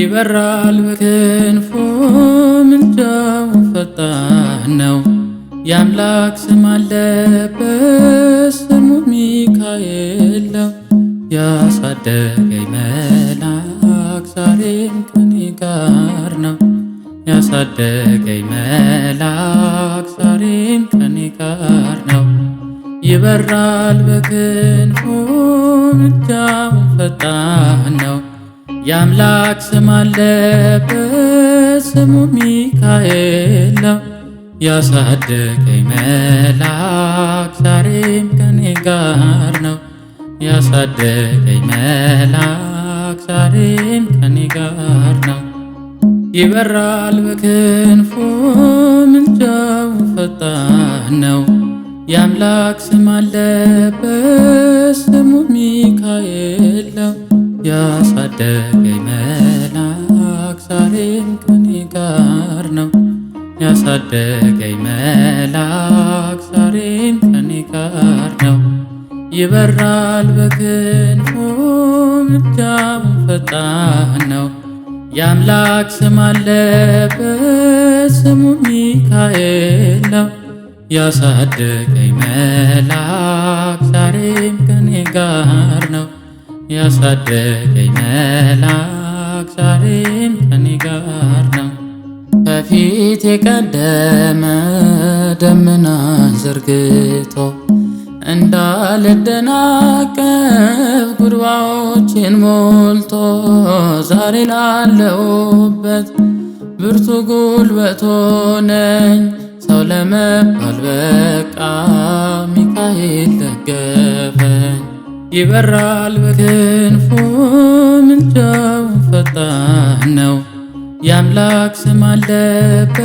ይበራል በክንፉ ምንጃው ፈጣን ነው። የአምላክ ስም አለበት ስሙ ሚካኤል ነው። ያሳደገኝ መልአክ ዛሬም ከኔ ጋር ነው። ያሳደገኝ መልአክ ዛሬም ከኔ ጋር ነው። ይበራል በክንፉ ምንጃው ፈጣን ነው። የአምላክ ስም አለበት ስሙ ሚካኤል ነው። ያሳደገኝ መልአክ ዛሬም ከኔ ጋር ነው። ያሳደገኝ መልአክ ዛሬም ከኔ ጋር ነው። ይበራል በክንፉ ምልጃው ፈጣን ነው። የአምላክ ስም አለበት ስሙ ሚካኤል ነው። ያሳደገኝ መልአክ ዛሬም ከኔ ጋር ነው። ያሳደገኝ መልአክ ዛሬም ከኔ ጋር ነው። ይበራል በክንፉ ምጃሙ ፈጣን ነው። የአምላክ ስም አለበት ስሙ ሚካኤል ነው። ያሳደገኝ መልአክ ዛሬም ከኔ ጋር ነው። ያሳደገኝ መልአክ ዛሬም ከኔ ጋር ነው። ከፊት የቀደመ ደመና ዘርግቶ እንዳልደናቀፍ ጉድባዎችን ሞልቶ ዛሬ ላለውበት ብርቱ ጉልበቶ ነኝ። ሰው ለመባል በቃ ሚካኤል ደገፈኝ። ይበራል በክንፉ ምልጃው ፈጣን ነው። የአምላክ ስም አለበት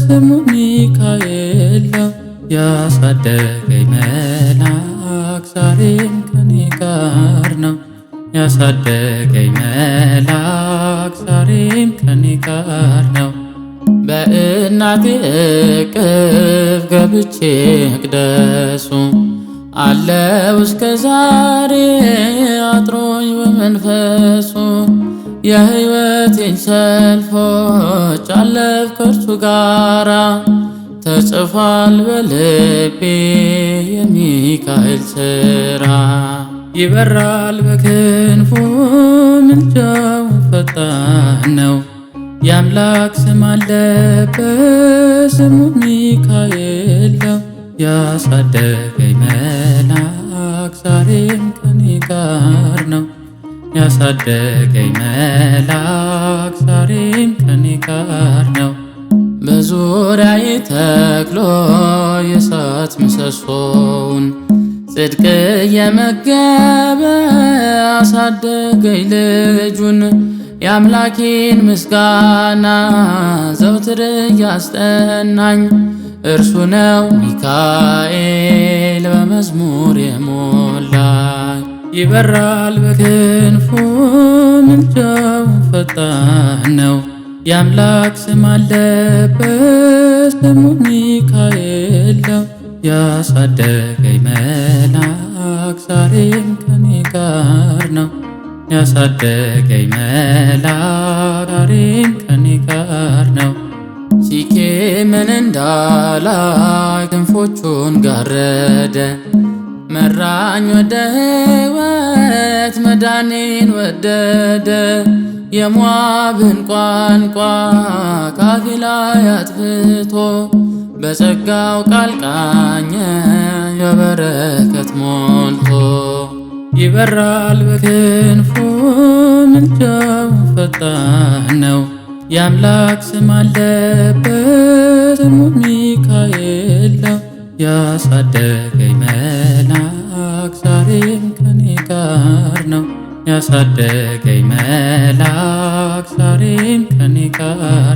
ስሙ ሚካኤል ነው። ያሳደገኝ መልአክ ዛሬም ከኔ ጋር ነው። ያሳደገኝ መልአክ ዛሬም ከኔ ጋር ነው። በእናቴ እቅፍ ገብቼ መቅደሱ አለው እስከ ዛሬ አጥሮኝ በመንፈሱ የሕይወቴን ሰልፎች አለፍ ከእርሱ ጋራ ተጽፏል በልቤ የሚካኤል ስራ። ይበራል በክንፉ ምልጃው ፈጣን ነው። የአምላክ ስም አለበት ስሙ ሚካኤል ነው። ያሳደገኝ መልአክ ዛሬም ከኔ ጋር ነው። ያሳደገኝ መልአክ ዛሬም ከኔ ጋር ነው። በዙሪያዬ ተክሎ የእሳት ምሰሶውን ጽድቅ የመገበ አሳደገኝ ልጁን የአምላኬን ምስጋና ዘውትር እያስጠናኝ እርሱ ነው ሚካኤል በመዝሙር የሞላኝ። ይበራል በክንፉ ምልጃው ፈጣን ነው። የአምላክ ስም አለበት ስሙ ሚካኤል ነው። ያሳደገኝ መልአክ ዛሬም ከኔ ጋር ያሳደገኝ መላዳሪም ከኔ ጋር ነው። ሲኬምን እንዳላይ ክንፎቹን ጋረደ መራኝ ወደ ሕይወት መዳኔን ወደደ። የሞዓብን ቋንቋ ካፌ ላይ አጥፍቶ በጸጋው ቃል ቃኘ የበረከት ሞልቶ ይበራል በክንፉ ምልጃው ፈጣን ነው። የአምላክ ስም አለበት ሚካኤል ነው። ያሳደገኝ መልአክ ዛሬም ከኔ ጋር ነው። ያሳደገኝ መልአክ ዛሬም ከኔ ጋር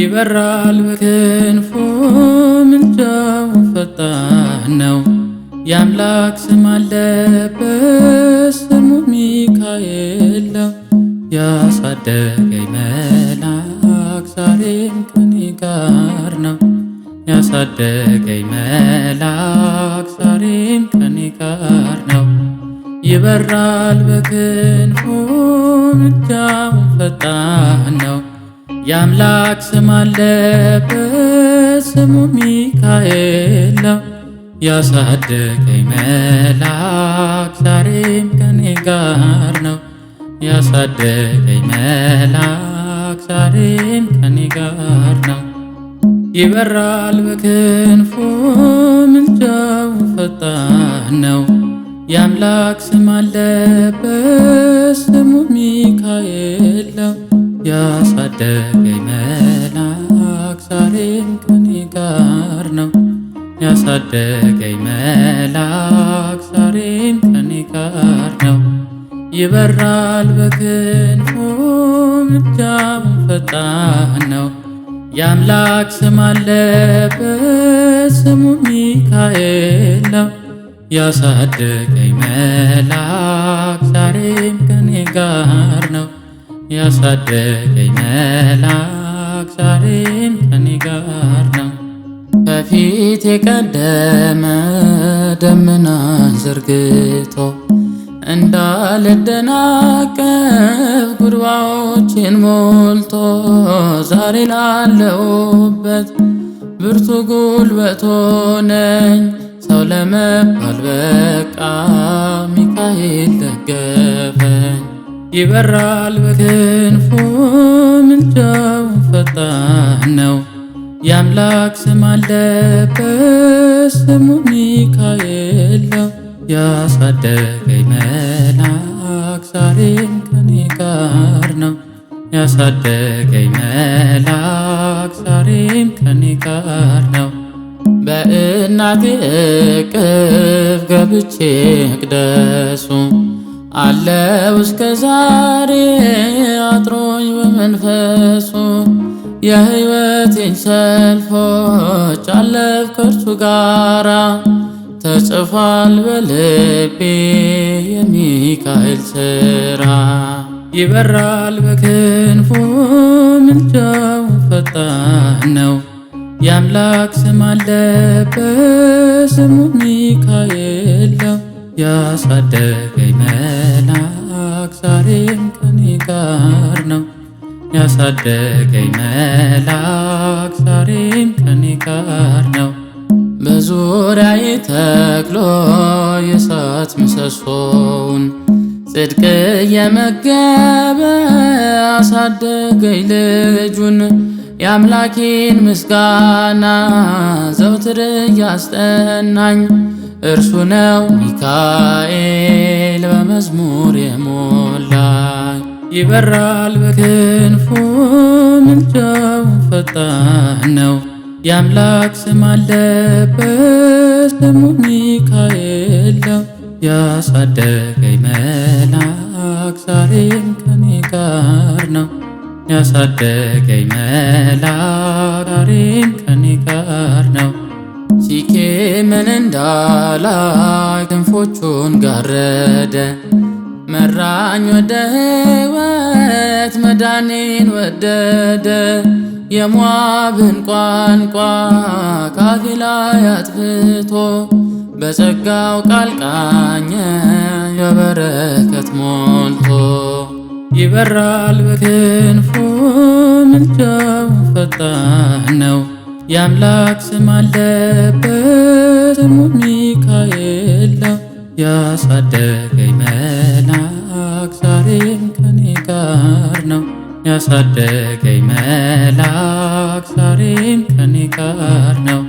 ይበራል በክንፎ ምንጃው ፈጣን ነው። የአምላክ ስም አለበት ስሙ ሚካኤል ነው። ያሳደገኝ መልአክ ዛሬም ከኔ ጋር ነው። ያሳደገኝ መልአክ ዛሬም ከኔ ጋር ነው። ይበራል በክንፎ ምንጃው ፈጣን ነው። የአምላክ ስም አለበት ስሙ ሚካኤል ነው። ያሳደገኝ መልአክ ዛሬም ከኔ ጋር ነው። ያሳደገኝ መልአክ ዛሬም ከኔ ጋር ነው። ይበራል በክንፉ ምልጃው ፈጣን ነው። የአምላክ ስም አለበት ስሙ ሚካኤል ነው። ያሳደገኝ መልአክ ዛሬም ከኔ ጋር ነው። ያሳደገኝ መልአክ ዛሬም ከኔ ጋር ነው። ይበራል በክንፉ ምጃም ፈጣን ነው። የአምላክ ስም አለበት ስሙ ሚካኤል ነው። ያሳደገኝ መልአክ ዛሬም ከኔ ጋር ነው። ያሳደገኝ መላክ ዛሬም ከኔ ጋር ነው። ከፊት የቀደመ ደመና ዘርግቶ እንዳልደናቀፍ ጉድባዎችን ሞልቶ ዛሬ ላለሁበት ብርቱ ጉልበት ሆነኝ። ሰው ለመባል በቃ ሚካኤል ደገፈኝ። ይበራል በክንፉ ምልጃው ፈጣን ነው። የአምላክ ስም አለበት ስሙ ሚካኤል ነው። ያሳደገኝ መልአክ ዛሬም ከኔ ጋር ነው። ያሳደገኝ መልአክ ዛሬም ከኔ ጋር ነው። በእናቴ እቅፍ ገብቼ መቅደሱ አለው እስከ ዛሬ አጥሮኝ በመንፈሱ የሕይወቴን ሰልፎች አለፍ ከእርሱ ጋራ ተጽፏል በልቤ የሚካኤል ስራ ይበራል በክንፉ ምልጃው ፈጣን ነው። የአምላክ ስም አለበት ስሙ ሚካኤል ነው። ያሳደገኝ መልአክ ዛሬም ከኔ ጋር ነው። ያሳደገኝ መልአክ ዛሬም ከኔ ጋር ነው። በዙሪያዬ ተክሎ የእሳት ምሰሶውን ጽድቅ የመገበ አሳደገኝ ልጁን የአምላኬን ምስጋና ዘውትር እያስጠናኝ እርሱ ነው ሚካኤል በመዝሙር የሞላኝ። ይበራል በክንፉ ምልጃው ፈጣን ነው። የአምላክ ስም አለበት ስሙ ሚካኤል ነው። ያሳደገኝ መልአክ ዛሬም ከኔ ጋር ነው። ያሳደገኝ መልአክ ዛሬም ከኔ ጋር ነው። ሲቄ ምን እንዳላይ ክንፎቹን ጋረደ መራኝ ወደ ሕይወት መዳኔን ወደደ የሞዓብን ቋንቋ ካፌ ላይ አጥፍቶ በጸጋው ቃል ቃኘ የበረከት ሞልቶ ይበራል በክንፉ ምልጃው ፈጣን ነው። የአምላክ ስም አለበት ስሙ ሚካኤል ነው። ያሳደገኝ ዛሬም ከኔ ጋር ነው። ያሳደገኝ መላክ ዛሬም ከኔ ጋር ነው።